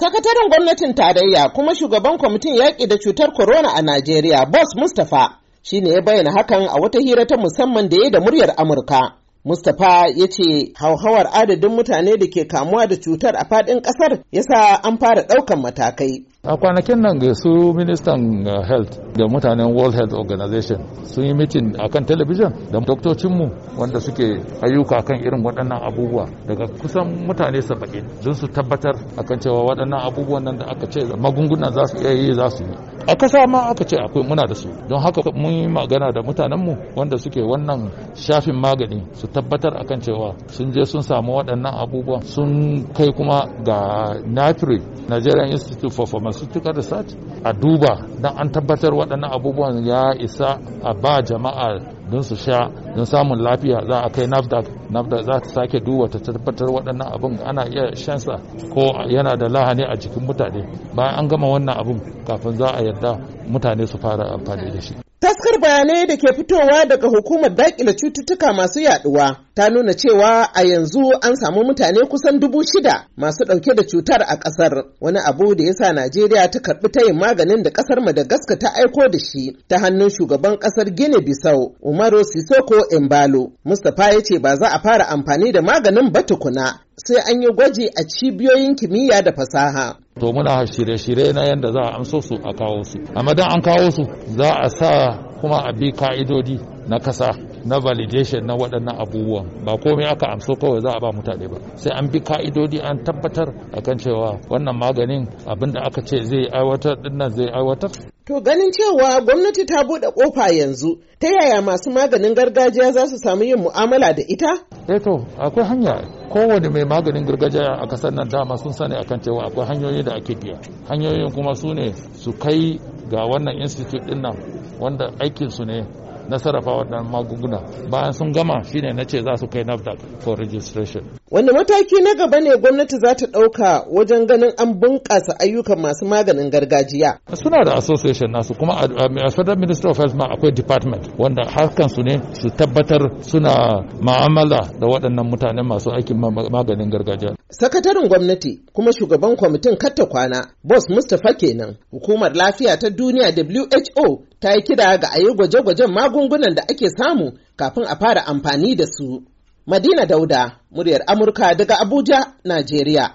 Sakataren gwamnatin tarayya kuma shugaban kwamitin yaƙi da cutar corona a Najeriya, Boss Mustapha, shi ne ya bayyana hakan a wata hira ta musamman da ya da muryar Amurka. Mustapha ya ce hauhawar adadin mutane da ke kamuwa da cutar a faɗin ƙasar ya sa an fara ɗaukan matakai. a kwanakin nan ga su ministan uh, health da mutanen world health organization sun yi mitin akan talabijin da doktocinmu wanda suke ayyuka kan irin waɗannan abubuwa daga kusan mutane saba'in don su tabbatar akan cewa waɗannan abubuwan nan da aka ce magunguna za su iya yi za su yi a kasa ma aka ce akwai muna da su don haka mun yi magana da mutanenmu wanda suke wannan shafin magani su tabbatar akan cewa sun je sun samu waɗannan abubuwan sun kai kuma ga natri nigerian institute for pharmaceutical research a duba don an tabbatar waɗannan abubuwan ya isa a ba jama'a don su sha don samun lafiya za a kai nafdak nafdak za ta sake duba ta tabbatar waɗannan abin ana iya shansa ko yana da lahani a jikin mutane bayan an gama wannan abin kafin za a yarda mutane su fara amfani da shi Taskar bayanai da ke fitowa daga hukumar daƙile cututtuka masu yaɗuwa, ta nuna cewa a yanzu an samu mutane kusan dubu shida masu ɗauke da cutar a ƙasar wani abu da ya sa Najeriya ta karɓi tayin maganin da ƙasar madagaska ta aiko da shi ta hannun shugaban ƙasar gini Bisau Umaru Sisoko Embalo. Mustapha ya ce ba za a fara amfani da maganin ba tukuna sai an yi gwaji a cibiyoyin kimiyya da fasaha. to muna shirye-shirye na yadda za a amso su a kawo su amma don an kawo su za a sa kuma a bi ka'idodi na kasa na validation na waɗannan abubuwan ba komai aka amso kawai za a ba mutane ba sai an bi ka'idodi an tabbatar akan cewa wannan maganin abin da aka ce zai aiwatar dinnan zai aiwatar To ganin cewa gwamnati ta buɗe ƙofa yanzu, ta yaya masu maganin gargajiya za su samu yin mu'amala da ita? Eh to, akwai hanya kowane mai maganin gargajiya a ƙasar nan dama sun sani akan cewa akwai hanyoyi da ake biya. Hanyoyin kuma su ne su kai ga wannan institute ɗin nan wanda aikinsu ne na sarrafa waɗannan magunguna bayan sun gama shine na ce za su kai nafdac for registration wanda mataki na gaba ne gwamnati za ta ɗauka wajen ganin an bunƙasa ayyukan masu maganin gargajiya suna da association nasu kuma a federal ministry of health ma akwai department wanda harkan su ne su tabbatar suna ma'amala da waɗannan mutane masu aikin maganin gargajiya sakataren gwamnati kuma shugaban kwamitin katta kwana boss mustapha kenan hukumar lafiya ta duniya who ta yi kira ga a yi gwaje-gwajen magungunan da ake samu kafin a fara amfani da su. Madina Dauda, muryar Amurka daga Abuja, Najeriya.